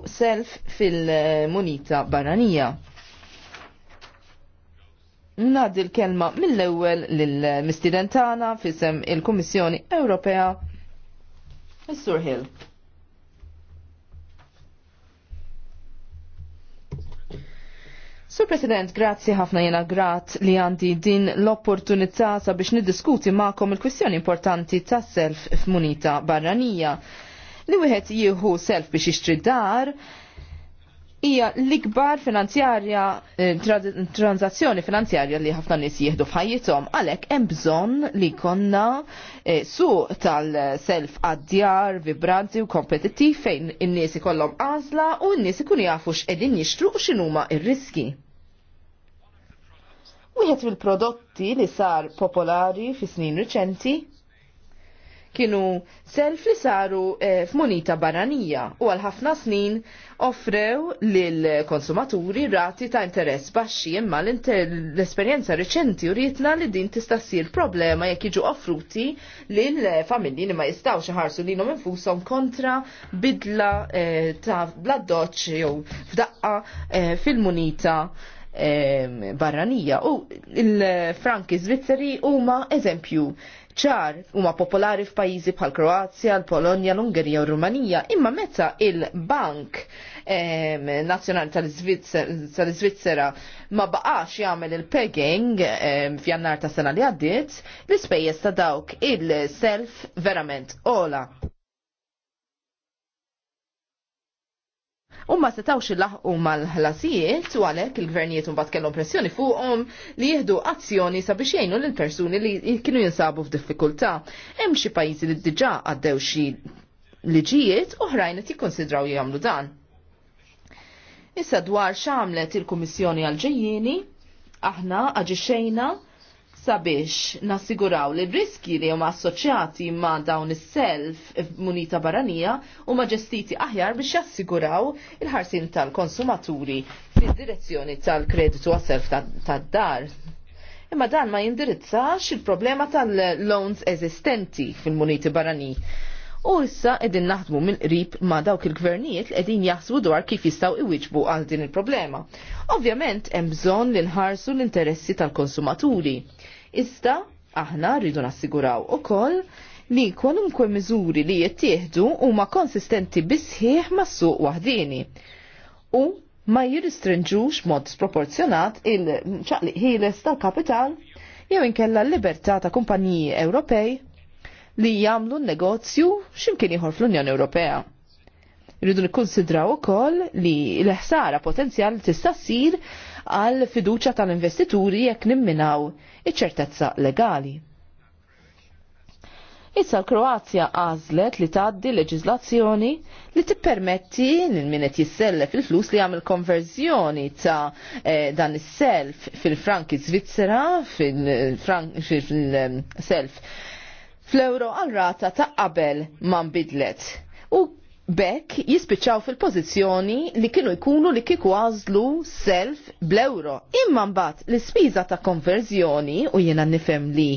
fuq self fil-munita barranija. Nadi l-kelma mill-ewel l-mistidentana fisem il-Kommissjoni Ewropea, Mr. Hill. Sur President, grazzi ħafna jena grat li għandi din l-opportunità sabiex niddiskuti ma'kom il-kwistjoni importanti tas self f'munita barranija li wieħed jieħu self biex jixtri dar hija l-ikbar finanzjarja eh, tranzazzjoni finanzjarja li ħafna nies jieħdu f'ħajjithom għalhekk hemm bżonn li konna eh, suq tal-self għad-djar vibranti u kompetittiv fejn in-nies ikollhom għażla u n-nies ikun jafu x'qegħdin jixtru u x'inhuma r-riski. Wieħed mill-prodotti li sar popolari fi snin riċenti kienu self li saru eh, f'monita barranija u għal ħafna snin offrew lil konsumaturi rati ta' interess baxxi imma l-esperjenza reċenti u rietna li din tista' ssir problema jekk jiġu offruti lil eh, familji li ma jistgħux li lilhom infushom kontra bidla eh, ta' bladdoċ jew f'daqqa eh, fil-munita barranija u il-franki Zvizzeri huma eżempju ċar huma popolari f'pajjiżi bħal Kroazja, l-Polonja, l-Ungerija u Rumanija, imma meta il-Bank Nazzjonali tal-Iżvizzera ma baqax jagħmel il-pegging f'jannar ta' sena li għaddiet, l-ispejjeż ta' dawk il-self verament ola. u ma setawx laħqu mal-ħlasijiet u għalhekk il-gvernijiet mbagħad kellhom pressjoni fuqhom li jieħdu azzjoni sabiex jgħinu l persuni li kienu jinsabu f'diffikultà. Hemm xi pajjiżi li diġà għaddew xi liġijiet oħrajn qed jikkonsidraw jagħmlu dan. Issa dwar x'għamlet il-Kummissjoni għal ġejjieni aħna aġixxejna sabiex nassiguraw li riski li huma assoċjati ma' dawn is-self munita barranija huma ġestiti aħjar biex jassiguraw il-ħarsin tal-konsumaturi fid-direzzjoni tal-kreditu għas-self tad-dar. Imma dan ma jindirizzax il-problema tal-loans eżistenti fil-muniti barranin. U issa edin naħdmu minn qrib ma' dawk il-gvernijiet li edin jaħsbu dwar kif jistaw iwiġbu għal din il-problema. Ovvjament, hemm bżonn li nħarsu l-interessi tal-konsumaturi. Iżda aħna rridu nassiguraw ukoll li kwalunkwe miżuri li jittieħdu huma konsistenti bisħieħ mas-suq waħdini u ma jirristrinġux mod sproporzjonat il-ċaqliq ħieles tal-kapital jew inkella l-libertà ta' kumpaniji Ewropej li jagħmlu n-negozju x'imkien ieħor fl-Unjoni Ewropea rridu nikkonsidraw ukoll li l-ħsara potenzjal tista' ssir għal fiduċa tal-investituri jekk nimminaw iċ-ċertezza legali. Issa l-Kroazja għazlet li taddi leġizlazzjoni li tippermetti lil min qed jissellef il-flus li jagħmel konverzjoni ta' eh, dan is-self fil-franki Svizzera fil-self eh, fl-euro għal rata ta' qabel ma nbidlet. U bekk jispiċċaw fil-pożizzjoni li kienu jkunu li kiku għażlu self bl-euro. Imma mbagħad l-ispiża ta' konverżjoni u jiena nifhem li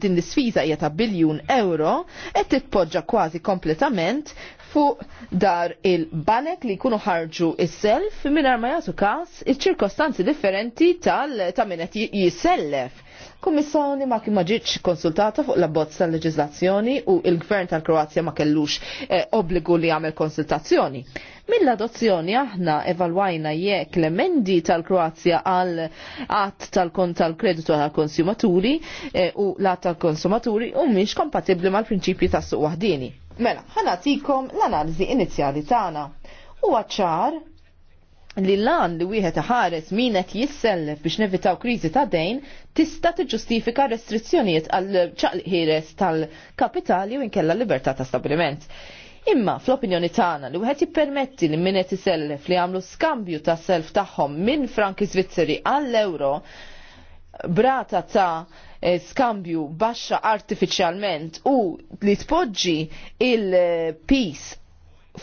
din l-ispiża hija ta' biljun euro qed titpoġġa kważi kompletament fuq dar il-banek li jkunu ħarġu is-self mingħajr ma jagħtu każ il ċirkostanzi differenti tal ta' min qed jisellef. Kummissjoni ma kien ma ġietx konsultata fuq l-abbozz tal leġislazzjoni u l-Gvern tal-Kroazja ma kellux eh, obbligu li jagħmel konsultazzjoni. Mill-adozzjoni aħna evalwajna jekk l-emendi tal-Kroazja għal att tal-kont tal-kreditu tal-konsumaturi eh, u l-att tal-konsumaturi u miex kompatibbli mal-prinċipji tas-suq waħdini Mela, ħanatikom l-analiżi inizjali tagħna. Huwa ċar li lan li wieħed ħares min qed jissellef biex nevitaw kriżi ta' dejn tista' tiġġustifika restrizzjonijiet għal ċaqliq tal-kapitali u inkella libertà ta' stabilment. Imma fl-opinjoni tagħna li wieħed jippermetti li min qed isellef li għamlu skambju ta' self tagħhom minn franki Svizzeri għall euro brata ta' eh, skambju baxxa artifiċjalment u li tpoġġi il-peace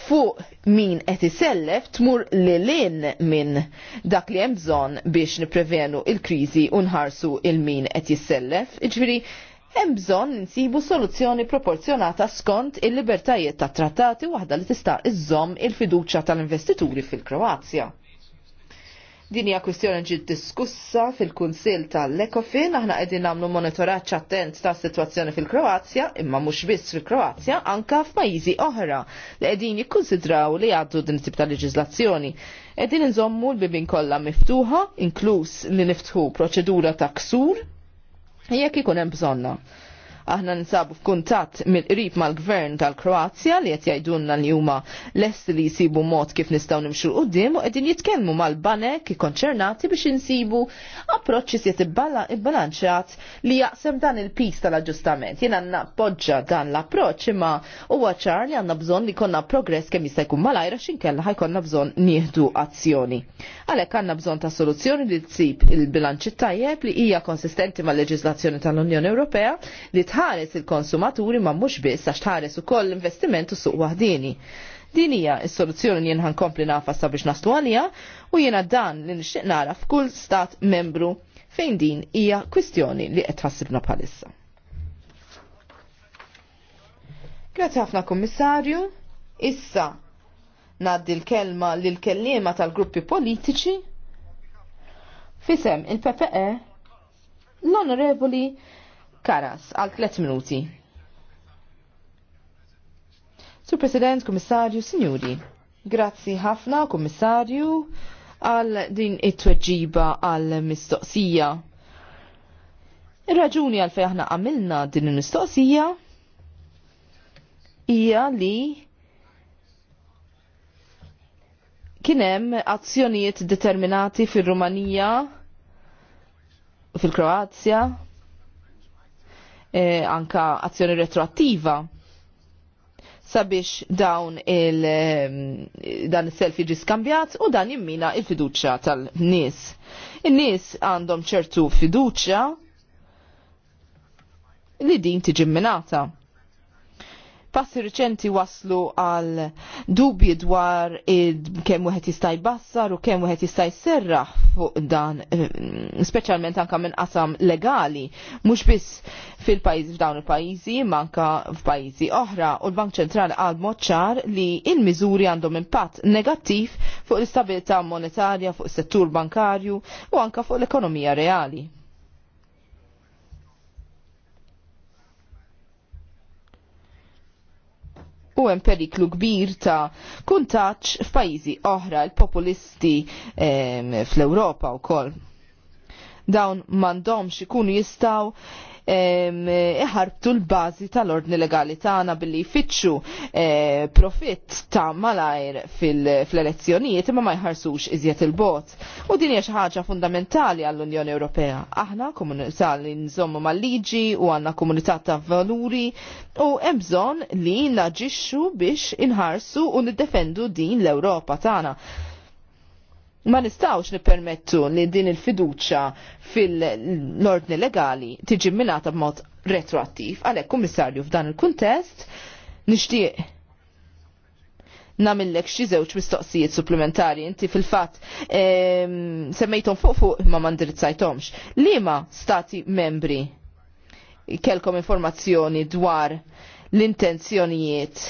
fuq min qed isellef tmur lilin minn dak li hemm bżonn biex nipprevenu il-kriżi u nħarsu il min qed jissellef. Iġifieri hemm bżonn insibu soluzzjoni proporzjonata skont il-libertajiet tat trattati waħda li tista' iżżomm il-fiduċja tal-investituri fil-Kroazja. Din hija kwistjoni ġiet diskussa fil-Kunsill tal-Ekofin, aħna qegħdin nagħmlu monitoraġġ attent ta' sitwazzjoni fil-Kroazja, imma mhux biss fil-Kroazja, anka f'pajjiżi oħra li qegħdin jikkunsidraw li għaddu din tip ta' leġiżlazzjoni. Qegħdin inżommu l-bibin kollha miftuħa, inkluż li niftħu proċedura ta' ksur jekk ikun hemm bżonna. Aħna ninsabu f'kuntatt mill-qrib mal-gvern tal-Kroazja li qed jgħidulna li huma lest li jsibu mod kif nistgħu nimxu qudiem u qegħdin jitkellmu mal-banek konċernati biex insibu approċċ isiet ibbalanċat li jaqsem dan il-pis tal-aġġustament. Jiena nappoġġa dan l-approċċ imma huwa ċar li għandna bżonn li konna progress kemm jista' jkun malajra x'inkella ħajkonna bżonn nieħdu azzjoni. Għalhekk għandna bżonn ta' soluzzjoni li tsib il bilanċi tajjeb li hija konsistenti mal-leġiżlazzjoni tal-Unjoni Ewropea li tħares il-konsumaturi ma mhux biss għax tħares ukoll l-investiment u suq waħdini. Din hija s-soluzzjoni li jien ħankompli nafas sabiex nastu għalija u jiena dan li nixtieq nara f'kull stat membru fejn din hija kwistjoni li qed ħassibna bħalissa. Grazzi ħafna Kummissarju. Issa naddi l-kelma lill kellima tal-gruppi politiċi fisem il-PPE l-Onorevoli Karas, għal 3 minuti. Sur President, Kommissarju, Sinjuri, grazzi ħafna, Kummissarju, għal din it-tweġiba għal mistoqsija. Ir-raġuni għal fejn aħna għamilna din il-mistoqsija hija li kienem azzjonijiet determinati fil-Rumanija, u fil-Kroazja, E, anka azzjoni retroattiva sabiex dawn il e, dan il-self jiġi skambjat u dan jimmina il-fiduċa tal-nies. In-nies għandhom ċertu fiduċa li din tiġi minata passi riċenti waslu għal dubji dwar kemm wieħed jista' jbassar u kemm wieħed jista' jserraħ fuq dan, eh, speċjalment anke minn qasam legali, mhux biss fil-pajjiż f'dawn il-pajjiżi, manka f'pajjiżi oħra u l-Bank Ċentrali qal mod ċar li il-miżuri għandhom impatt negattiv fuq l-istabilità monetarja, fuq is-settur bankarju u anke fuq l-ekonomija reali u hemm periklu kbir ta' kuntaġġ f'pajjiżi oħra l-populisti ehm, fl-Ewropa wkoll. Dawn m'għandhomx ikunu jistgħu iħarbtu l-bażi tal-ordni legali tagħna billi jfittxu eh, profitt ta' malajr fil-elezzjonijiet imma ma jħarsux iżjed il-bot. U din hija xi ħaġa fundamentali għall-Unjoni Ewropea. Aħna komunità li nżommu mal-liġi u għandna komunità ta' valuri u hemm bżonn li naġixxu biex inħarsu u niddefendu din l-Ewropa tagħna ma nistawx nippermettu li din il-fiduċa fil-ordni legali tiġi minata b'mod retroattiv. Għalek, kummissarju, f'dan il-kuntest, nishtiq namillek xi żewġ mistoqsijiet supplementari inti fil-fatt ehm, semmejthom fuq fuq ma mandirizzajthomx. Liema stati membri kelkom informazzjoni dwar l-intenzjonijiet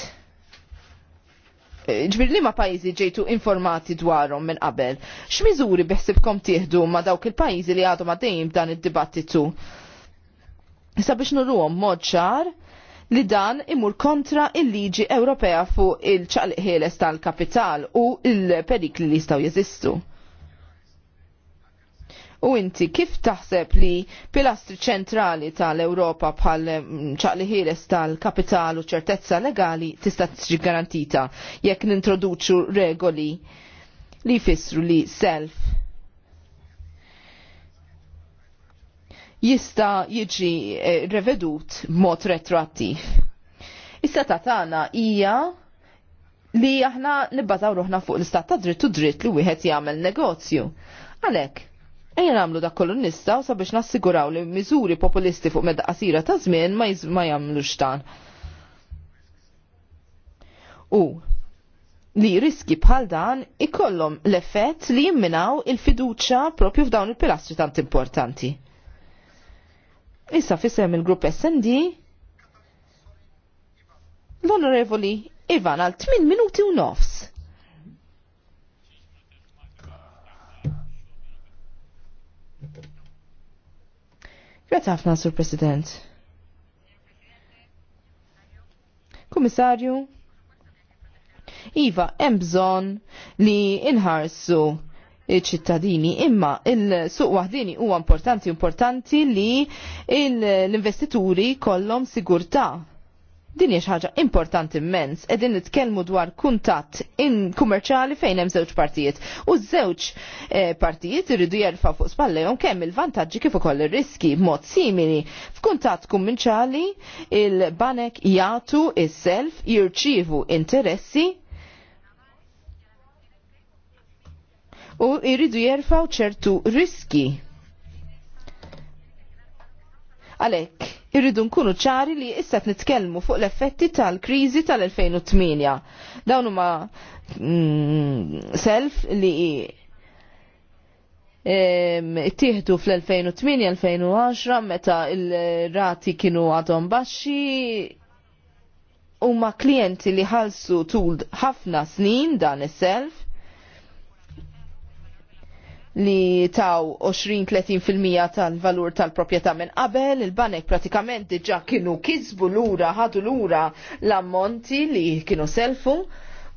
ġbir li ma pajizi ġejtu informati dwarhom minn qabel. X'miżuri biħsibkom tieħdu ma dawk il-pajjiżi li għadhom għaddejjim dan id-dibattitu? Issa biex nurruhom mod ċar li dan imur kontra il-liġi Ewropea fuq il-ċaqliq ħieles tal-kapital u il-perikli li jistgħu jeżistu. U inti kif taħseb li pilastri ċentrali tal-Ewropa bħal mm, ċaqli ħieles tal kapitalu ċertezza legali tista' tiġi garantita jekk nintroduċu regoli li jfissru li self jista jiġi eh, revedut mod retroattiv. Issa ta' tagħna hija li aħna nibbażaw ruħna fuq l-istat ta' dritt u dritt li wieħed jagħmel negozju. Għalhekk, Ejja nagħmlu dak kollu nistgħu sabiex nassiguraw li miżuri populisti fuq medda qasira ta' żmien ma, ma jagħmlux dan. U li riski bħal dan ikollhom l-effett li jimminaw il-fiduċa propju f'dawn il-pilastri tant importanti. Issa fissem il-grupp SND l-onorevoli Ivan għal 8 minuti u nofs. Grazie ħafna, Sur President. Komissarju, Iva, hemm bżonn li inħarsu ċittadini imma il-suq wahdini huwa importanti importanti li l-investituri kollom sigurtà Din hija ħaġa importanti immens, qegħdin nitkellmu dwar kuntatt in kummerċjali fejn hemm żewġ partijiet. U żewġ eh, partijiet iridu jerfgħu fuq spallejhom kemm il-vantaġġi kif ukoll ir-riski b'mod simili. F'kuntatt kummerċjali il-banek jagħtu is-self jirċievu interessi u jridu jerfaw ċertu riski. Għalhekk irridu nkunu ċari li issa nitkellmu fuq l-effetti tal-kriżi tal-2008. Dawn huma mm, self li tieħdu fl-2008-2010 meta il-rati kienu għadhom baxxi huma klijenti li ħalsu tul ħafna snin dan is-self li taw 20-30% tal-valur tal-propieta minn qabel, il-banek pratikament diġa kienu kizbu lura, ħadu lura l-ammonti li kienu selfu,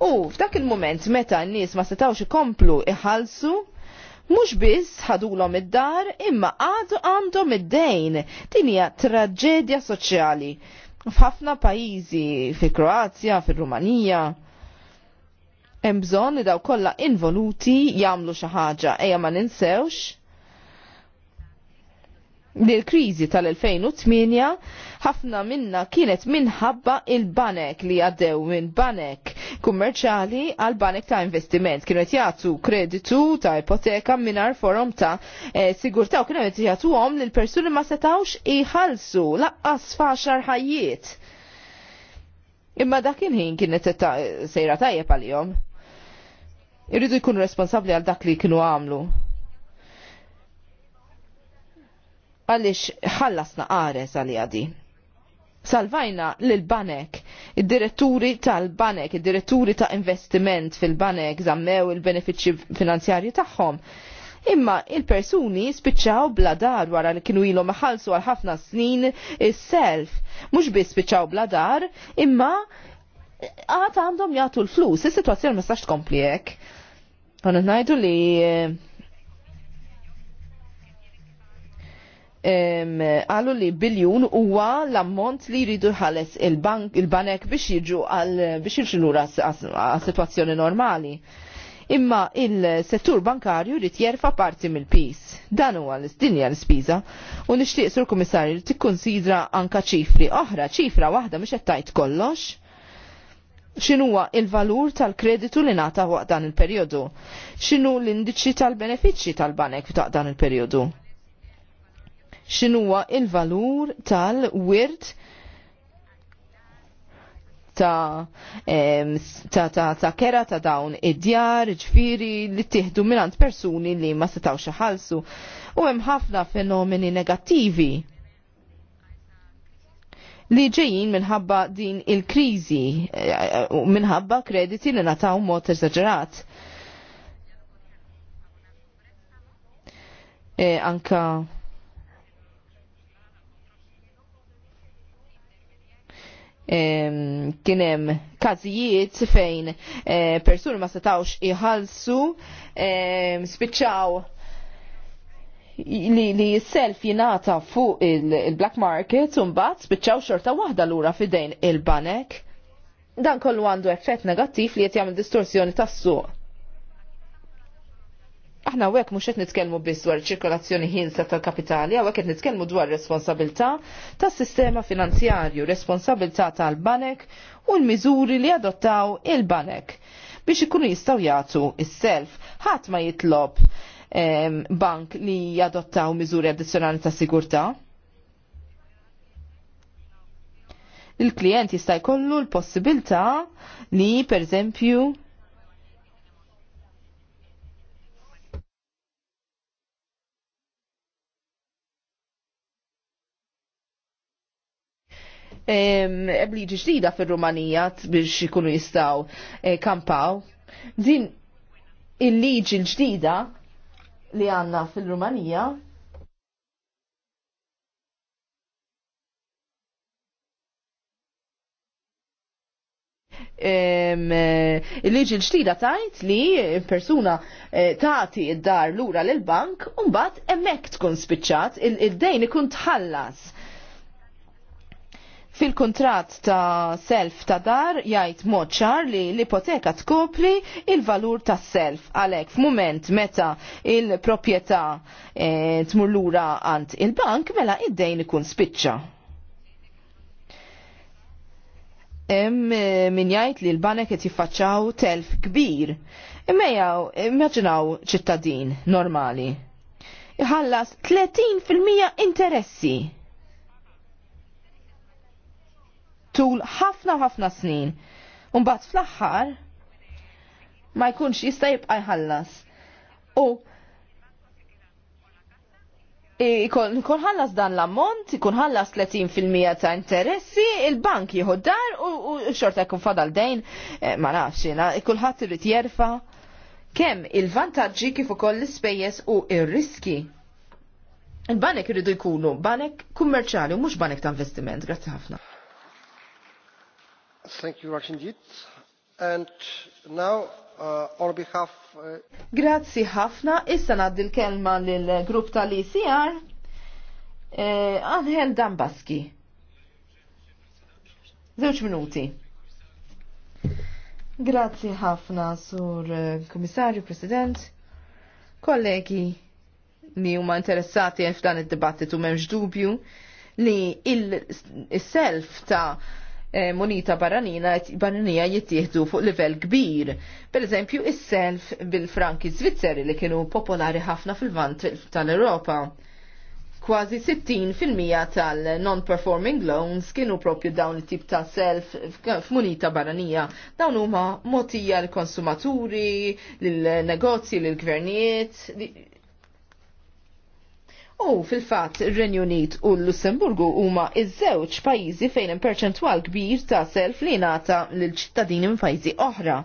u f'dak il-moment meta n-nies ma setawx ikomplu iħalsu, Mux biss ħadulhom id-dar imma għadu għandhom id-dejn. Din hija traġedja soċjali. F'ħafna pajjiżi, fi Kroazja, fi Rumanija, hemm bżonn li daw kollha involuti jagħmlu xi ħaġa ejja ma ninsewx li l-kriżi tal-2008 ħafna minna kienet minħabba il-banek li għaddew minn banek kummerċali għal banek ta' investiment. Kienu qed jagħtu kreditu ta' ipoteka mingħajr forum ta' eh, sigurtà u kienu qed jagħtuhom lil persuni ma setawx iħallsu laqqas faxar ħajjiet. Imma dakin ħin kienet sejra tajjeb għalihom. jom irridu jkunu responsabli għal dak li kienu għamlu. Għalix ħallasna qares għal għadi. Salvajna l-banek, id-diretturi tal-banek, id-diretturi ta' investiment fil-banek, zammew il-benefiċi finanzjarji tagħhom. Imma il-persuni spiċċaw bla dar wara li kienu ilhom ħalsu għal ħafna snin is-self. Mhux biss spiċċaw bla dar, imma għata għandhom jagħtu l-flus, is-sitwazzjoni ma stax tkompli hekk Konet najdu li eh, għallu li biljun huwa l-ammont li jridu ħales il-bank il-banek biex jiġu għal biex jimxu għal situazzjoni normali. Imma il-settur bankarju jrid jerfa' parti mill-pis. Dan huwa l-istinja l-spiża u nixtieq sur kummissarju li tikkunsidra anka ċifri oħra, ċifra waħda mhux qed tajt kollox xinuwa il-valur tal-kreditu li nata waqt dan il-periodu, xinu l-indiċi tal-benefiċċji tal-banek waqt dan il-periodu, xinuwa il-valur tal-wirt ta' ta' ta' ta' kera ta' dawn id-djar, ġfiri li tiħdu minant persuni li ma setaw xaħalsu. U hemm ħafna fenomeni negattivi li ġejjin minħabba din il-krizi, eh, minħabba krediti li nataw mod eżagġerat. E, anka kienem kazijiet fejn eh, persuni ma setawx iħalsu spiċċaw li, li self jinata fuq il-black il market un bat spiċċaw xorta waħda l-ura fidejn il-banek. Dan kollu għandu effett negattiv li jtjam distorsjoni tas suq Aħna għek mux qed nitkellmu biss dwar ċirkolazzjoni ħinsa tal-kapitali, għek qed nitkellmu dwar responsabilità tas sistema finanzjarju, responsabilità tal-banek u l-miżuri li adottaw il-banek biex ikunu jistaw jagħtu is-self ħadd ma jitlob bank li jadottaw miżuri addizzjonali ta' sigurtà. Il-klient jista' jkollu l-possibilità li pereżempju ebliġi ġdida fil-Rumanija biex ikunu jistaw eh, kampaw. Din il-liġi l-ġdida li għanna fil-Rumanija eh, il-liġi l-ġdida tajt li persuna eh, taħti id-dar l-ura l-bank un-bat emmek tkun spiċċat il-dejn ikun tħallas fil-kontrat ta' self ta' dar jgħid mod ċar li l-ipoteka tkopli il-valur ta' self għalhekk f'mument meta il-proprjetà e, tmur lura għand il-bank mela id-dejn ikun spiċċa. Hemm e, min jgħid li l-banek qed jiffaċċaw telf kbir. Imma immaġinaw ċittadin normali. Iħallas 30% interessi tul ħafna ħafna snin. Umbat fl-axħar ma jkunx jista' jibqa' jħallas. U ikun ħallas dan l-ammont, ikun ħallas 30% ta' interessi, il-bank jieħu dar u xorta jkun fadal dejn, eh, ma nafx jiena, kulħadd irid jerfa' kemm il-vantaġġi kif ukoll l-ispejjeż u ir-riski. Il-banek irridu jkunu banek kummerċali u mhux banek ta' investiment. Grazzi ħafna. Uh, uh, Grazzi ħafna, issa naddi l-kelma lill-grupp tal-ICR, eh, Angel Dambaski. Zewċ minuti. Grazzi ħafna, sur eh, komissarju, president, kollegi li huma interessati f'dan id-dibattitu memx dubju li il-self ta' Eh, munita barranina barranija jittieħdu fuq livell kbir. Per eżempju, is-self bil-franki Svizzeri li kienu popolari ħafna fil-vant tal-Europa. Kważi 60% tal-non-performing loans kienu propju dawn it-tip ta' self f'munita barranija. Dawn huma motija l-konsumaturi, l-negozji, l-gvernijiet, U fil-fatt ir-Renju Unit u l-Lussemburgu huma iż-żewġ pajjiżi fejn hemm perċentwal kbir ta' self li ngħata lil ċittadini minn pajjiżi oħra.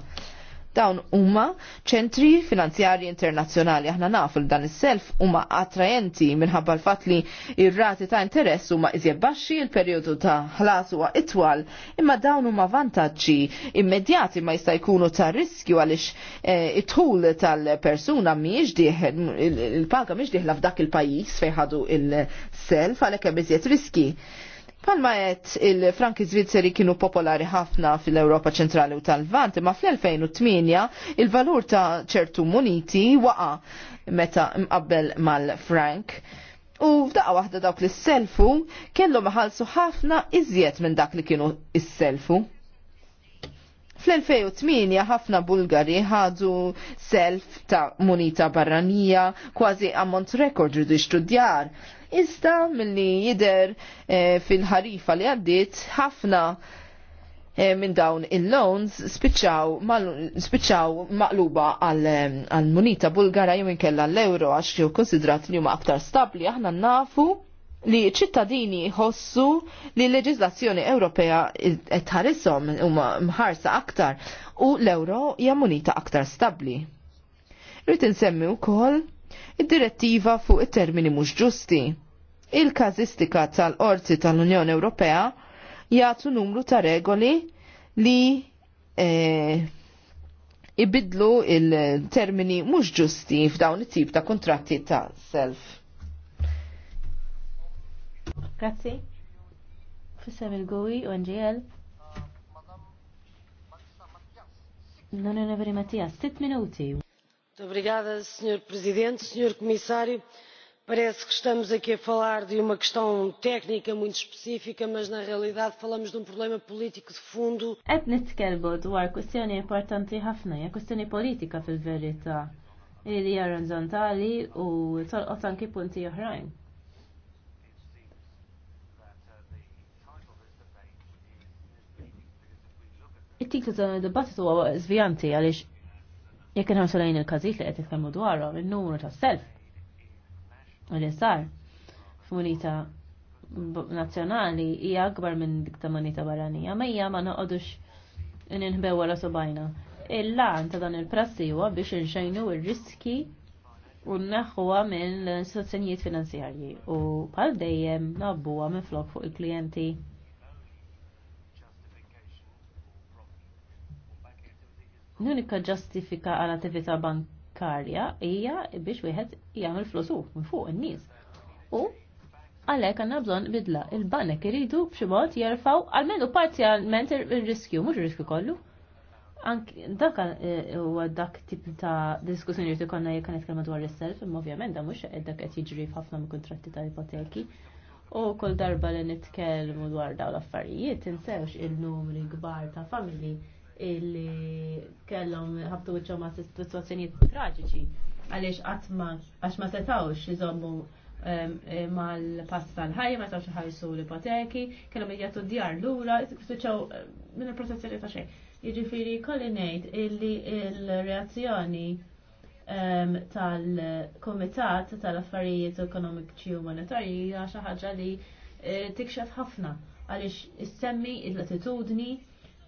Dawn huma ċentri finanzjarji internazzjonali aħna nafu li dan is-self huma attrajenti minħabba l-fatt li ir-rati ta' interess huma iżjed baxxi, il-perjodu ta' ħlas huwa itwal, imma dawn huma vantaġġi immedjati ma jista' jkunu ta' riskju għaliex eh, it-tul tal-persuna mhijiex dieħel il-paga mhijiex dieħla f'dak il-pajjiż fejn ħadu il-self għalhekk hemm iżjed riski. Palma għet il-Franki Zvizzeri kienu popolari ħafna fil-Europa ċentrali u tal-Vant, ma fl-2008 il-valur ta' ċertu muniti waqa meta mqabbel mal-Frank. U f'daqqa waħda dawk li s-selfu kellhom iħallsu ħafna iżjed minn dak li kienu s-selfu. Fl-2008 ħafna Bulgari ħadu self ta' munita barranija, kważi ammont rekord ridu jixtudjar. Iżda milli jider e, eh, fil-ħarifa li għaddit ħafna E, minn dawn il-loans spiċċaw maqluba għal-munita eh, bulgara jew inkella l-euro għax jew konsidrat li huma aktar stabli aħna nafu li ċittadini jħossu li l-leġislazzjoni Ewropea qed ħarishom huma mħarsa aktar u l-euro hija munita aktar stabbli. Rrid insemmi wkoll id-direttiva fuq it-termini mhux ġusti il-kazistika tal orzi tal-Unjoni Ewropea jagħtu numru ta' regoli li e, ibidlu il-termini mhux ġusti f'dawn it-tip ta' kontratti ta' self. Grazzi. Fissem il-gowi u NGL. L-Onorevoli Mattias, 6 minuti. Obrigada, Sr. Presidente, Sr. Commissário parece que estamos aqui a falar de uma questão técnica muito específica, mas na realidade falamos de um problema político de fundo. Qed nitkellmu dwar kwestjoni importanti ħafna, hija kwestjoni politika fil-verità li hija orizzontali u tolqot anki punti oħrajn. It-titlu tal-dibattitu huwa żvijanti għaliex jekk inħarsu lejn il-każijiet li qed nitkellmu dwarhom, in-numru tas-self u li sar f'munita nazzjonali hija akbar minn dik ta' munita barranija, ma hija ma noqogħdux ninħbew wara subajna. Il-lan ta' dan il-prassi huwa biex inxejnu ir-riski u naħħuha minn istituzzjonijiet finanzjarji u bħal dejjem nabbuha minn flok fuq il-klijenti l-unika ġastifika għal attività bank bankarja hija biex wieħed jagħmel flusu minn fuq in-nies. U għalhekk għandna bżonn bidla. Il-banek iridu b'xi mod jerfgħu għalmenu parzjalment ir-riskju, mhux ir-riskju kollu. Anki dak eh, huwa dak tip ta' diskussjoni li konna jekk nitkellmu dwar is-self, imma ovvjament dan mhux dak qed jiġri f'ħafna mill kuntratti ta' ipoteki. U kull darba li nitkellmu dwar dawn l-affarijiet, insewx il-numri kbar ta' familji illi kellhom ħabtu wiċċhom ma' situazzjonijiet traġiċi għaliex qatt ma għax ma setawx iżommu ehm, eh, mal-pass tal-ħajja, ma setawx ħajsu l-ipoteki, kellhom jgħatu djar lura, spiċċaw eh, minn il-protezzjoni ta' xejn. Jiġifieri kolli ngħid illi l-reazzjoni ehm, tal-Kumitat tal-Affarijiet Ekonomiċi u Monetarji hija xi ħaġa li eh, tikxef ħafna għaliex issemmi l-attitudni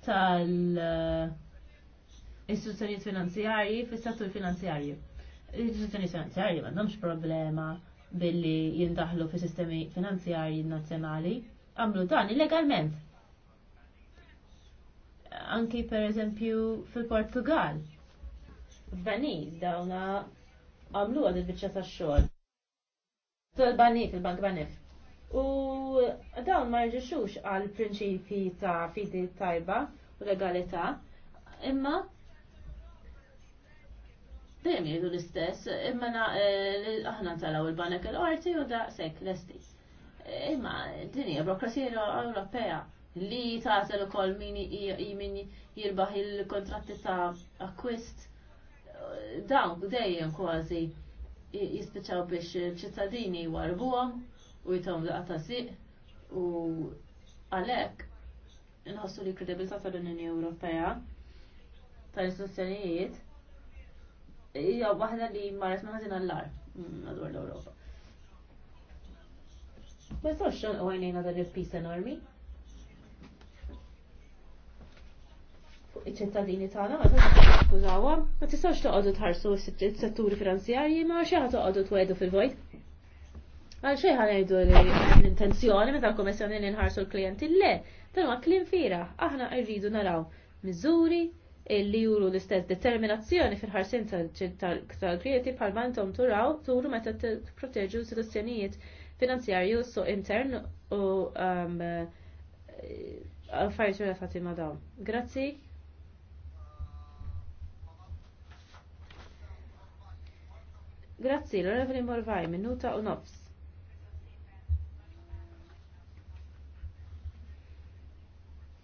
tal- istituzzjonijiet finanzjarji fis-settur finanzjarji. Istituzzjonijiet finanzjarji m'għandhomx problema billi jindaħlu fi sistemi finanzjarji nazzjonali, għamlu dan illegalment. Anki per eżempju fil-Portugal, f'Baniz dawna għamlu għad il-bicċa ta' xogħol. Fil-Banif, il-Bank Banif. U dawn ma jġiexux għal prinċipi ta' fidi tajba u legalità, imma dejjem jgħidu l-istess, imma eh, aħna talaw il-banek l-orti u da' sekk l-esti. Imma din hija burokrasija Ewropea li tagħtel ukoll min min jirbaħ il-kontratti ta' akkwist dawn dejjem kważi jispiċaw biex ċittadini warbuhom u jitawm laqa ta' siq u għalek nħossu li kredibilità tal-Unjoni Ewropea tal-istituzzjonijiet hija waħda li marret minn ħażin allar madwar l-Ewropa. Ma jistax xanqu għajnejna dan il-pis enormi. iċ-ċittadini tagħna ma tistax tiskużawhom, ma tistax toqgħodu tħarsu s-setturi finanzjarji ma xi ħadd toqgħodu twedu fil-vojt. Għal xejn ħanejdu li l-intenzjoni meta l-Komissjoni li nħarsu l-klijenti le, dan huwa kliem fira, aħna rridu naraw miżuri li juru l-istess determinazzjoni fil-ħarsin tal-klijenti bħal mantom turaw turu meta t-proteġu finanzjarju so intern u um, affarijiet relatati ma' dawn. Grazzi. Grazzi, l-Onorevoli Morvaj, minuta u nofs.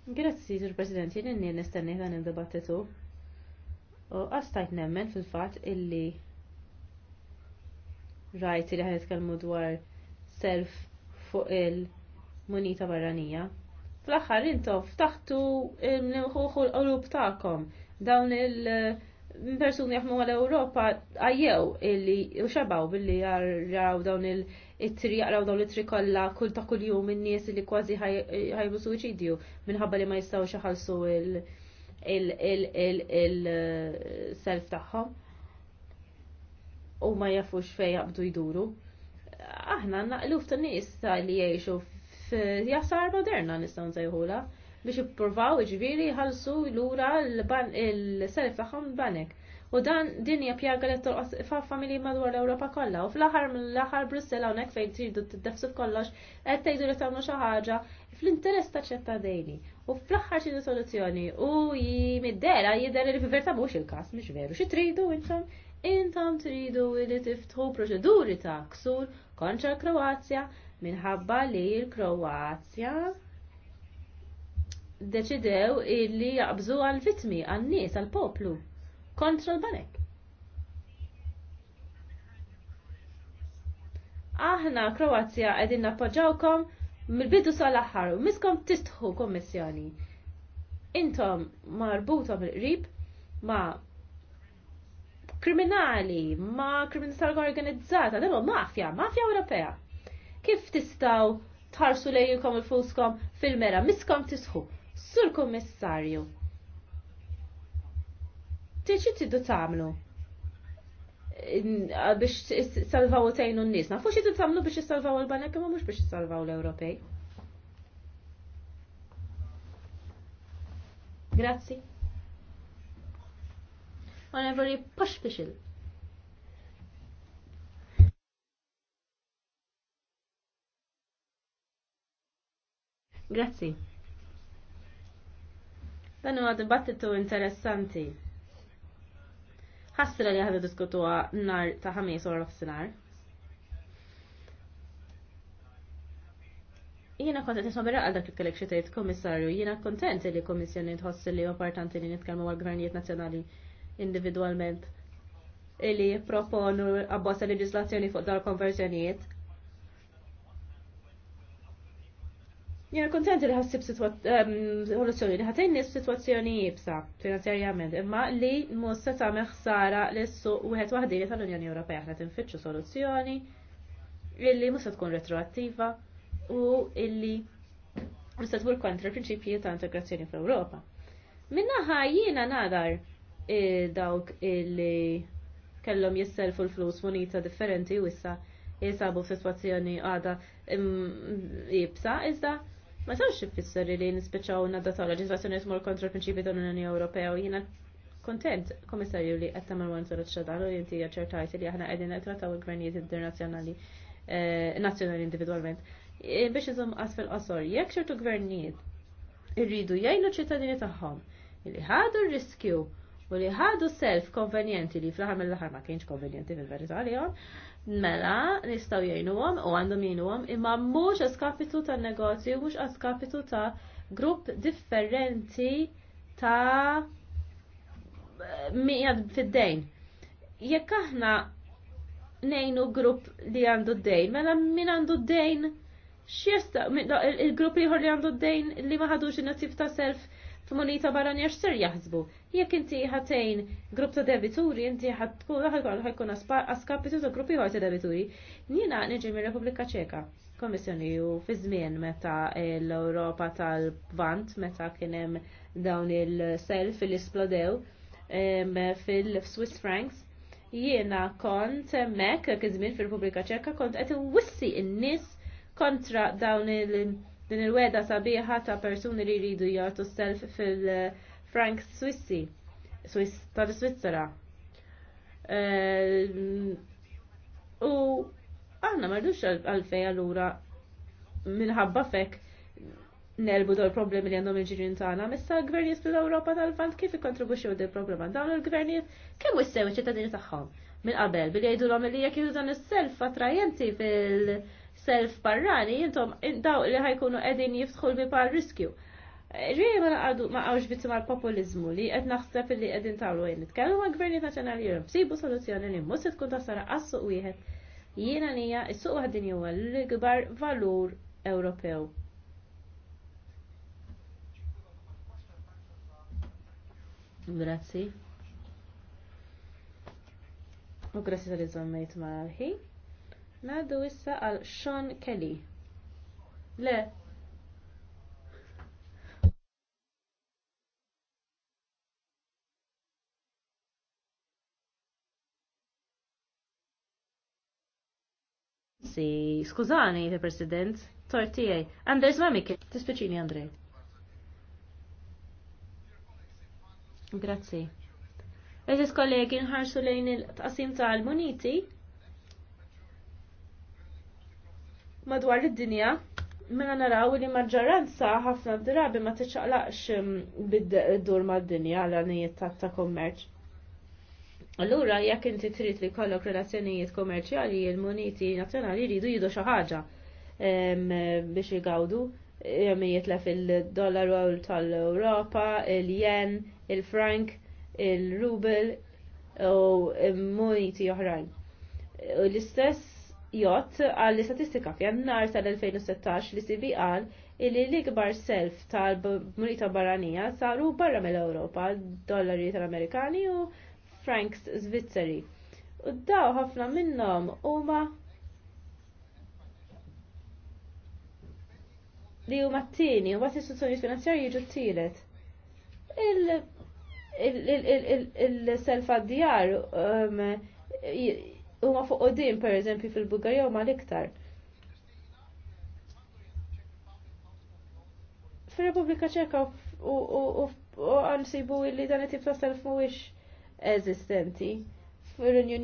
Grazzi, Sir President, jien nistenni dan il-dibattitu. U għastajt nemmen fil-fat illi rajt li għan jitkalmu dwar self fuq il-munita barranija. Fl-axħar intom ftaħtu il-mnimħuħu l europ tagħkom dawn il-persuni jaħmu għal-Ewropa għajjew illi u xabaw billi jaraw dawn il- it-tri jaqraw dawn it-tri kollha kull ta' kuljum in-nies li kważi ħajru suċidju minħabba li ma jistgħux iħallsu il-self eh, tagħhom u ma jafux fejn jaqbdu jduru. Aħna naqluf ta' nies li jgħixu f'jasar moderna nistgħu nsejħula biex ippurvaw iġviri l lura l-self taħħom banek. U dan dinja pjaga li torqos fa' familji madwar l-Ewropa kollha. U fl-aħħar mill-aħħar Brussel hawnhekk fejn tridu tiddefsu kollox qed tgħidu li tagħmlu xi ħaġa fl-interess ta' ċittadini. U fl-aħħar xi soluzzjoni u middera jidher li fil mhux il-każ mhux veru. Xi tridu intom intom tridu li tiftħu proċeduri ta' ksur kontra l-Kroazja minħabba li l-Kroazja deċidew illi jaqbżu għal vitmi, għal nies għal poplu kontra l-banek. Aħna Kroazja qegħdin nappoġġawkom mill-bidu sal-aħħar u miskom tistħu kommissjoni. Intom marbuta il qrib ma' kriminali, ma' kriminali organizzata, demo mafja, mafja Ewropea. Kif tistaw tħarsu lejkom il-fuskom fil-mera, miskom tisħu. Sur Kommissarju, tiġi tiddu tagħmlu biex salvaw tejnu n-nies. Nafu xi tagħmlu biex salvaw l banek imma mhux biex salvaw l-Ewropej. Grazzi. Onorevoli Poshpishil. Grazzi. Dan huwa dibattitu interessanti. Ħassra li ħadu diskutuha nar ta' ħamis wara f'sinar. Jiena kontent isma' birra għal dak il kellek xi tgħid kummissarju, jiena kontent li kommissjoni tħoss li importanti li nitkellmu għal gvernijiet nazzjonali individwalment li proponu abbozza leġislazzjoni fuq dal konverzjonijiet Jena kontenti li ħassib soluzzjoni li ħatajni situazzjoni jibsa finanzjarjament, imma li mussa ta' meħsara l suq wieħed li tal-Unjoni Ewropea ħna tinfittxu soluzzjoni illi mussa tkun retroattiva u illi mussa tkun kontra l-prinċipji ta' integrazzjoni fl-Ewropa. Minna jiena nadar eh, dawk illi kellhom jisselfu l-flus munita differenti u issa jisabu f'sitwazzjoni għada jibsa, iżda Ma tawx ifisser li nispiċaw nadataw leġislazzjoni tmur kontra l-prinċipi tal-Unjoni Ewropea u jiena kontent, komissarju, li qed għan wan sorat xadan u jinti ċertajt li aħna qegħdin nittrattaw il-gvernijiet internazzjonali eh, nazzjonali individwalment. E, biex iżom għasfel qasor, jekk ċertu gvernijiet irridu jgħinu ċittadini tagħhom li ħadu r-riskju u li ħadu self konvenjenti li fl-ħar mill-ħar ma kienx konvenjenti fil-verità għom, mela nistgħu jgħinuhom u għandhom għom imma mhux għaskapitu ta' negozju, mhux għaskapitu ta' grupp differenti ta' mijad fid-dejn. Jekk aħna nejnu grupp li għandu d-dejn, mela min għandu d-dejn xiesta, il-grupp liħor li għandu d-dejn li ma ħadux in ta' self f'monita barranja x'ser jaħsbu. Jekk inti ħatejn grupp ta' debituri, inti ħatkun ħajkun askapitu ta' gruppi ħor ta' debituri. Jiena niġi mir-Repubblika Ċeka komissjoni u fi żmien meta l-Ewropa tal-Vant meta kien hemm dawn il-self il isplodew fil-Swiss Franks, jiena kont mek, kizmin fil-Repubblika Ċeka kont qed wissi n-nies kontra dawn il- din il-weda sabiħa ta' persuni li jridu jagħtu self fil-frank Swissi, Swiss tal-Svizzera. Eh, u aħna marrux għalfej allura minħabba fek nerbu dol problemi li għandhom il-ġirin tagħna, missa l-gvernijiet fl-Ewropa tal fant kif ikkontribwixxew din problema. Dawn il-gvernijiet kemm issew iċ-ċittadini tagħhom minn qabel billi jgħidulhom li jekk dan is-self attrajenti fil- self barrani intom daw li ħajkunu qegħdin jiftħu bi pal riskju. Ġej ma naqadu ma għawx ma l-populizmu li qed naħseb li qegħdin tagħmlu jien nitkellmu ma' gvernijiet nazzjonali jirum, sibu soluzzjoni li muset se tkun għassu u wieħed jiena nija s-suq waħdin huwa l-ikbar valur Ewropew. Grazzi. U grazzi tal-iżommejt maħi. Nadu issa għal Sean Kelly. Le. Si, skużani, il President, tortijaj. Andrej Zwamik, tispeċini Andrej. Grazie. Eżis kollegi nħarsu lejn il-tqasim tal-muniti. madwar id-dinja mela naraw li maġġoranza ħafna drabi ma tiċċaqlaqx mm, bid-dur mad-dinja għal anijiet ta' kummerċ. Allura jekk inti trid li kollok relazzjonijiet kommerċjali il-muniti nazzjonali jridu jidu xi ħaġa biex jgawdu la fil-dollar u tal-Europa, il-yen, il-frank, il-rubel u muniti oħrajn. L-istess jott għall istatistika f'jannar tal-2016 li sibi qal illi l-ikbar self tal-munita barranija saru barra mill-Ewropa, dollari tal-Amerikani u franks Svizzeri. U daw ħafna minnhom huma li huma t-tieni u għat istituzzjonijiet finanzjarji jiġu t tilet Il-self għad-djar um, huma fuq qudiem pereżempju fil-Bulgarija huma l-iktar. Fir-Repubblika Ċeka u għansibu li dan it-tip ta' self mhuwiex eżistenti. Fir-Renju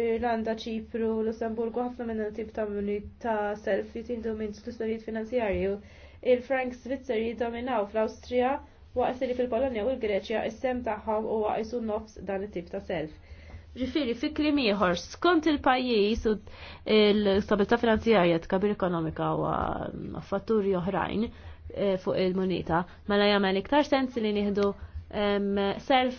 Irlanda, Ċipru, Lussemburgu ħafna minn tip ta' ta' self jitindu minn istituzzjonijiet finanzjarji. Il-Frank Svizzeri jidominaw fl-Awstrija waqt li fil-Polonja u l-Greċja is-sem tagħhom huwa isu nofs dan it-tip ta' self Ġifiri, fi klim ieħor, skont il-pajjiż u l-stabilità finanzjarja tkabir ekonomika u uh, fatturi oħrajn uh, fuq il-munita, mela jagħmel iktar sens li nieħdu um, self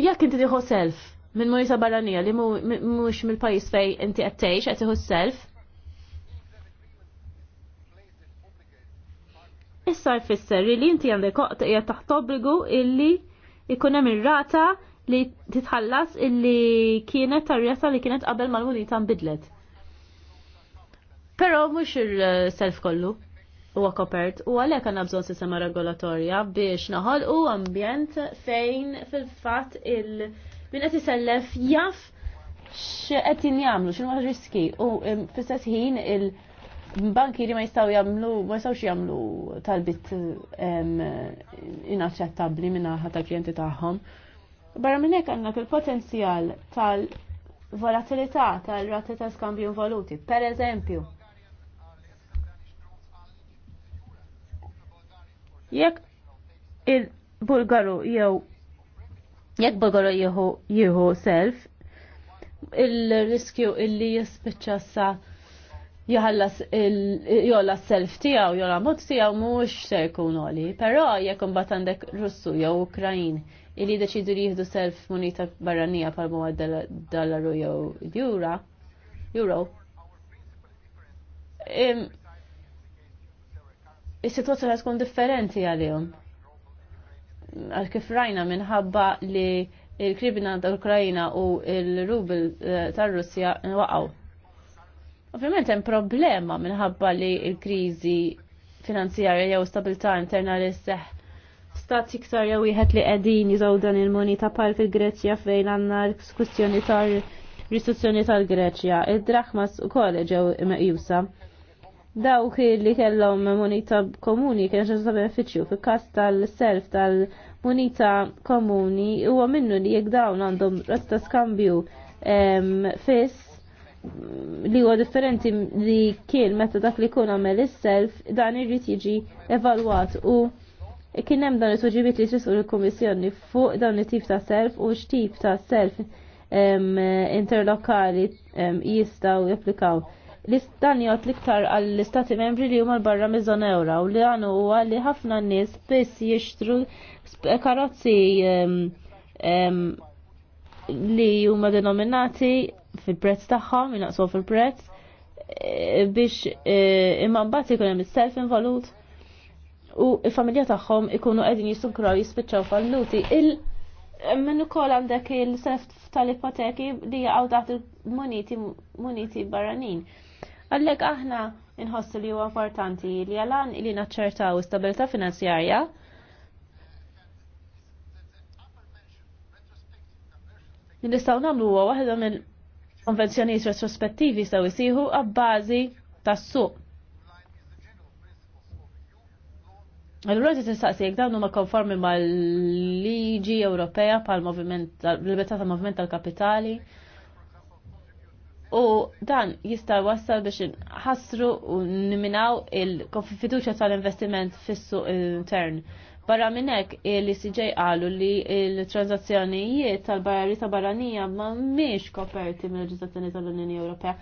jekk inti tieħu self minn munita barranija li mux mill-pajjiż fejn inti qed tgħix qed self Issa jfisser li inti għandek qiegħed taħt obbligu illi ikun hemm ir-rata li titħallas illi kienet tar li kienet qabel mal-munita nbidlet. Però mhux il-self kollu huwa kopert u għalhekk għandna bżonn sistema regolatorja biex naħolqu ambjent fejn fil-fatt il min qed isellef jaf x'qed jagħmlu x'inhu riski u um, fl ħin il- banki ma jistaw jamlu, ma jistawx jamlu talbit inaċċettabli minna ħata klienti taħħom. Barra minnek għanna il-potenzjal tal-volatilità tal-rati ta' skambju valuti. Per eżempju, jekk il-Bulgaru jew jekk Bulgaru jieħu jieħu self il-riskju illi jispiċċa sa' jħallas jolla s-self tijaw, jolla mod tijaw mux se jkun oli, pero jekk mbagħad għandek Russu jew Ukrajin illi deċidu li jihdu self munita barranija pal ma dollaru jew jura, euro. Is-sitwazzjoni tkun differenti għalihom. Għal kif rajna minħabba li il-kribina tal-Ukrajina u il-rubel eh, tar-Russja nwaqgħu. Ovvjament hemm problema minħabba li l-kriżi finanzjarja jew stabilità interna li seħ stat iktar jew wieħed li qegħdin jużaw dan il-moneta pal fil-Greċja fejn għandna l-diskussjoni tar ristruzzjoni tal-Greċja. Id-draħmas ukoll ġew meqjusa. Dawk li kellhom munita komuni kienu ġew benefiċċju fil-każ tal-self tal munita komuni huwa minnu li jekk dawn għandhom rotta skambju fis li huwa differenti li kien meta dak li kun għamel is-self dan irrid jiġi evalwat u kien hemm dan it-tuġibiet li trisqu l-Kummissjoni fuq dan it-tip ta' self u x'tip ta' self interlokali jistgħu japplikaw. Dan jgħod l-iktar għall-istati membri li huma barra mizzon ewra u li għanu huwa li ħafna nies spiss jixtru karozzi li huma denominati fil-prezz tagħhom, jinaqsu fil-prezz eh, biex eh, imma mbagħad ikun hemm is-self involut u l-familja tagħhom ikunu qegħdin jisunkraw jispiċċaw falluti. Minn ukoll għandek il-self tal-ipoteki li jaqgħu taħt il-muniti barranin. Għallek aħna inħossu li huwa importanti li għalan li naċċertaw stabilità finanzjarja li nistgħu nagħmlu huwa waħda mill konvenzjonijiet retrospettivi sew isiħu għabbażi tas-suq. Allura ti tistaqsi jekk dawn huma konformi mal-liġi Ewropea pal moviment libertà ta' moviment tal-kapitali. U dan jista' wassal biex nħassru u niminaw il-fiduċja tal-investiment fis-suq intern Barra minnek il-CJ għalu li il-transazzjonijiet tal-barri ta' barranija ma miex koperti mill leġislazzjoni tal-Unjoni Ewropea.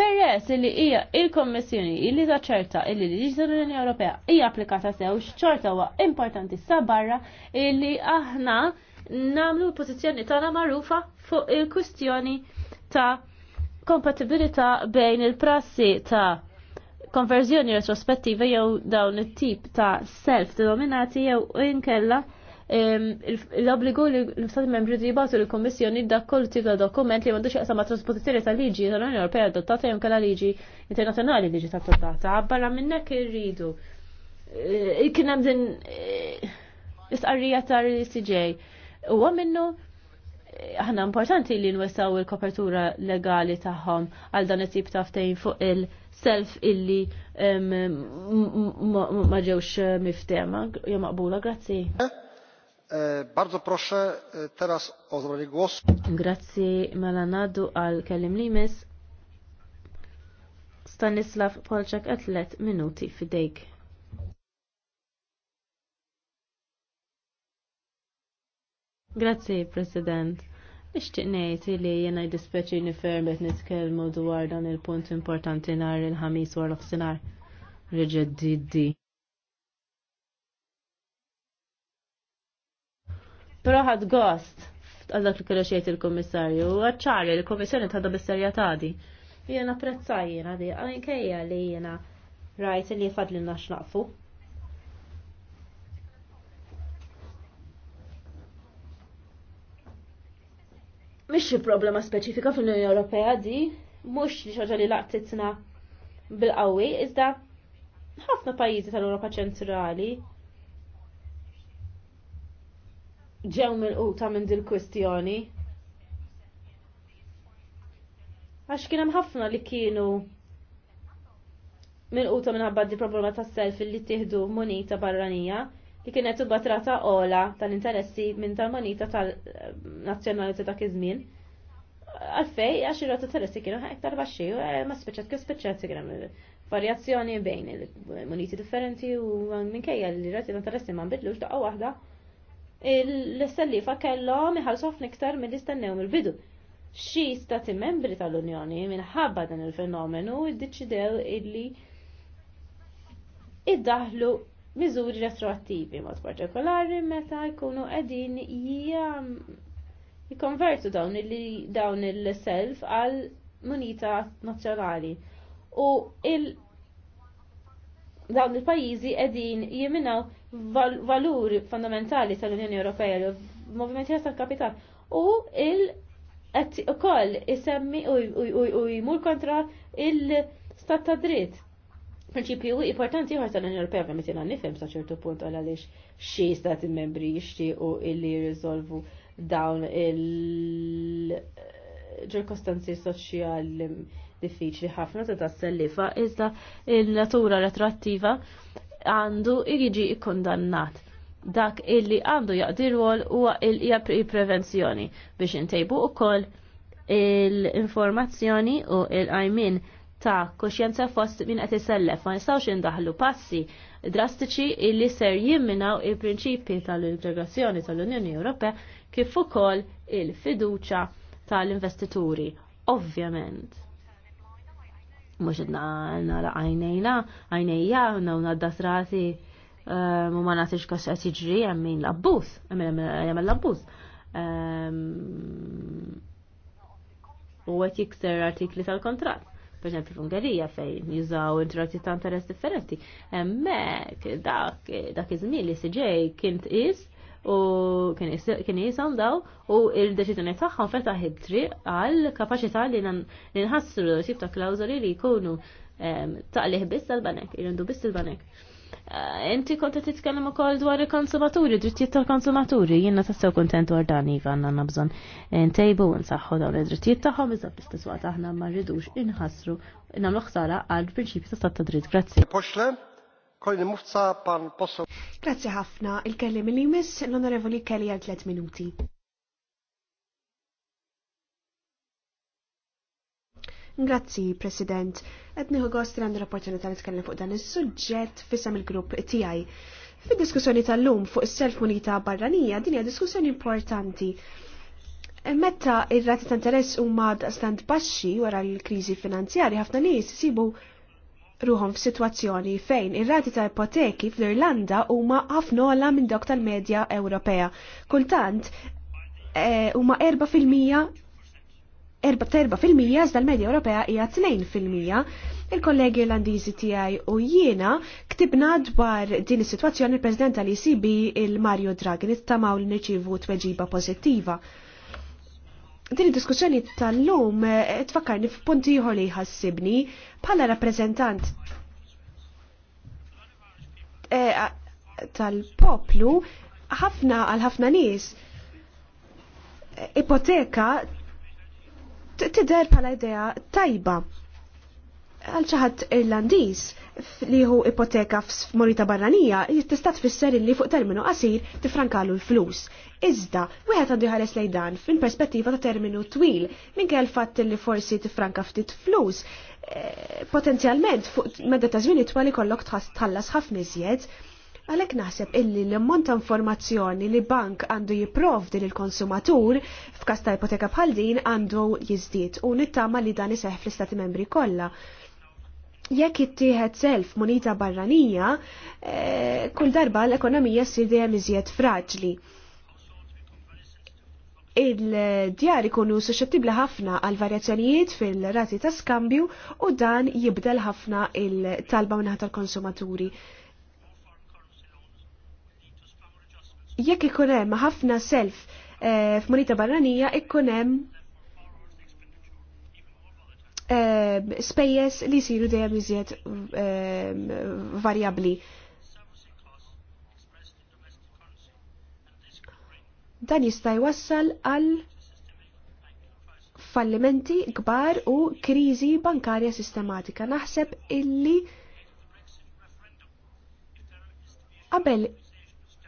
Peress li hija il-Kommissjoni da ċerta illi l-Unjoni Ewropea hija applikata sew x'ċorta huwa importanti sa barra illi aħna namlu l-pożizzjoni tagħna magħrufa fuq il-kwistjoni ta' kompatibilità bejn il-prassi ta' konverżjoni retrospettiva jew dawn it-tip ta' self denominati jew inkella l-obbligu li l-Stati membri jibatu l-Kommissjoni dak kull tip ta' dokument li għandu jaqsam ma' trasposizjoni tal-liġi tal-Unjoni Ewropea adottata jew kellha liġi internazzjonali liġi adottata. Barra minnek irridu. Eh, kien hemm din eh, istqarrija tar-CJ. Huwa minnu aħna importanti li nwessaw il-kopertura legali tagħhom għal dan it-tip ta' ftejn fuq il-self illi ma ġewx eh, miftema Jo maqbula, grazzi. Eh, bardzo proszę eh, teraz o zabranie głosu. Grazzi mela nadu għal kellim limes. Stanislav Polczak għatlet minuti fidejk. Grazzi, President. Ixtieq ngħid li jiena jdispjaċini ferm qed nitkellmu dwar dan il-punt importanti nhar il-ħamis wara f'sinar. Reġeddiddi. Però ħad gost għallak li kellex jgħid il-Kummissarju, għaċċari il-Kummissjoni tħadda b serja tagħdi. Jiena apprezzaj jiena di, għajkejja li jiena rajt li fadli naxnaqfu. Mhix problema speċifika fl-Unjoni Ewropea di, mhux li ħaġa li laqtitna bil-qawwi, iżda ħafna pajjiżi tal-Ewropa ċentrali ġew mill-quta minn din kwistjoni Għax kien hemm ħafna li kienu mill-quta minħabba di problema tas-self li tiħdu monita barranija li kienet batrata ola tal-interessi minn tal manita tal-nazzjonalità ta' kizmin. żmien Għalfej, għax ir-rata tal-interessi kienu iktar baxxi, eh, ma speċat kif speċat sigram varjazzjoni bejn il muniti differenti u minkejja li rati tal-interessi ma nbidlux daqqa waħda l-istellifa kellhom iħallsu ħafna iktar mill-istennew mill-bidu. Xi stati membri tal-Unjoni minħabba dan il-fenomenu iddeċidew illi iddaħlu miżuri retroattivi mod partikolari meta jkunu qegħdin jikonvertu dawn il dawn il-self għal munita nazzjonali. U il dawn il-pajjiżi qegħdin jiminaw val valuri fondamentali tal-Unjoni Ewropea l movimenti tal-kapital u il qed ukoll isemmi u jmur kontra il-stat ta' dritt Prinċipju importanti ħar tal-Unjoni Ewropea ovvjament jiena nifhem sa ċertu punt għal għaliex xi stati membri jixtiequ illi jirriżolvu dawn il-ġirkostanzi soċjali diffiċli ħafna ta' tassellifa iżda il-natura retroattiva għandu jiġi ikkondannat dak illi għandu jaqdir wol u il-prevenzjoni biex intejbu koll il informazzjoni u il għajmin ta' koxjenza fost minn qed isellef ma nistgħux indaħlu passi drastiċi illi ser jimminaw il-prinċipji tal-integrazzjoni tal-Unjoni Ewropea kif ukoll il-fiduċa tal-investituri. Ovvjament. Mhux għanna għajnejna, għajnejja, nawna d-dasrati ehm, u ma nagħtix kax qed jiġri hemm min l-abbuż, għammin l abbus u għet jikser artikli tal-kontrat per esempio f'Ungerija fejn jużaw interrotti ta' interess differenti. Hemmhekk dak dak iż-żmien li siġej kien tqis u kien jisom daw u il-deċizjoni tagħhom fetaħ it-triq għal kapaċità li nħassru xi ta' klawżoli li jkunu ehm, taqliħ biss tal-banek, jrendu biss il-banek. Eh, inti konta titkellem ukoll dwar il-konsumaturi, drittijiet tal-konsumaturi, jiena tassew kontent dwar dan iva għandna bżonn ntejbu u nsaħħu dawn id-drittijiet tagħhom iżda fl-istess waqt aħna ma rridux inħassru nagħmlu ħsara għal prinċipju ta' stat ta' dritt. Grazzi. Grazzi ħafna, il-kellim li jmiss l-onorevoli Kelly għal 3 minuti. Grazzi, President. Qed nieħu gost li għandu l-opportunità nitkellem fuq dan is-suġġett fissam il-grupp tiegħi. Fid-diskussjoni tal-lum fuq is-self munita barranija din hija diskussjoni importanti. Metta il rati ta' interess huma stand baxxi wara l-kriżi finanzjarja ħafna nies ruħom ruhom f'sitwazzjoni fejn ir-rati ta' ipoteki fl-Irlanda huma ħafna ola minn dawk tal-medja Ewropea. Kultant eh, huma ma 4% 4% iżda l-medja Ewropea hija 2%. Il-kollegi Irlandiżi tiegħi u jiena ktibna dwar din is-sitwazzjoni il-President tal-ECB il-Mario Draghi nittamaw li nirċievu tweġiba pożittiva. Din id-diskussjoni tal-lum eh, tfakkarni f'punti ieħor li jħassibni bħala rappreżentant eh, tal-poplu ħafna għal ħafna nies eh, ipoteka tidher bħala idea tajba għal ċaħat Irlandiż li hu ipoteka f'Morita Barranija jittista' tfisser li fuq terminu qasir tifrankalu l-flus. Iżda, wieħed għandu ħares lejdan fil-perspettiva ta' terminu twil minkejja l-fatt li forsi tifranka ftit flus eh, potenzjalment fuq medda ta' żmien twali kollok tħallas ħafna iżjed Għalek naħseb illi l-ammont ta' informazzjoni li bank għandu jiprovdi lil konsumatur f'kasta ipoteka bħal din għandu jizdiet u nittama li dan iseħ fl-istati membri kollha. Jekk ittieħed self munita barranija, eh, kull darba l-ekonomija ssir dejjem iżjed fraġli. Il-djar ikunu suscettibbli ħafna għal varjazzjonijiet fil-rati ta' skambju u dan jibdel ħafna il-talba minħata tal-konsumaturi. tal tal konsumaturi jekk ikun hemm ħafna self eh, f'monita barranija ikun hemm eh, spejjeż li jsiru dejjem iżjed eh, varjabbli. Dan jista' jwassal għal fallimenti kbar u kriżi bankarja sistematika. Naħseb illi qabel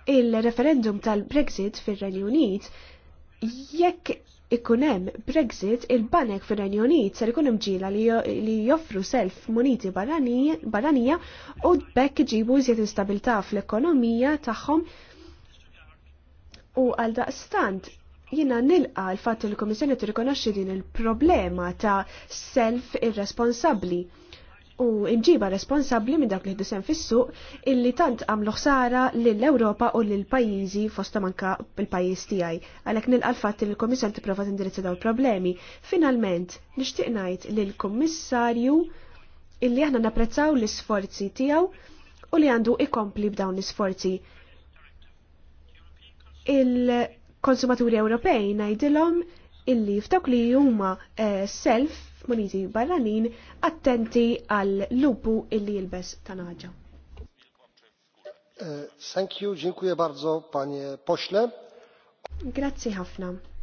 il-referendum tal-Brexit fir-Renju Unit jekk ikun hemm Brexit il-banek fir-Renju Unit ser ikun imġila li joffru self muniti barranija u bekk ġibu iżjed instabilta fl-ekonomija tagħhom u għal daqstant jina nilqa l-fat il-Komissjoni tirrikonoxxi din il-problema ta' self irresponsabbli u imġiba responsabli minn dak li ħdisem fis-suq illi tant għamlu ħsara lill-Ewropa u lill-pajjiżi fosta manka bil pajjiż tiegħi. Għalhekk nil-għalfat li l t tipprova tindirizza dawn il-problemi. Finalment, nixtieq ngħid lill-Kummissarju illi aħna napprezzaw l-isforzi tiegħu u li għandu ikompli b'dawn l-isforzi. Il-konsumaturi Ewropej ngħidilhom illi f'dawk li huma eh, self muniti barranin attenti għal lupu illi jilbes tanaġa. Eh, thank you, dziękuję bardzo, panie pośle. Grazie, Hafna.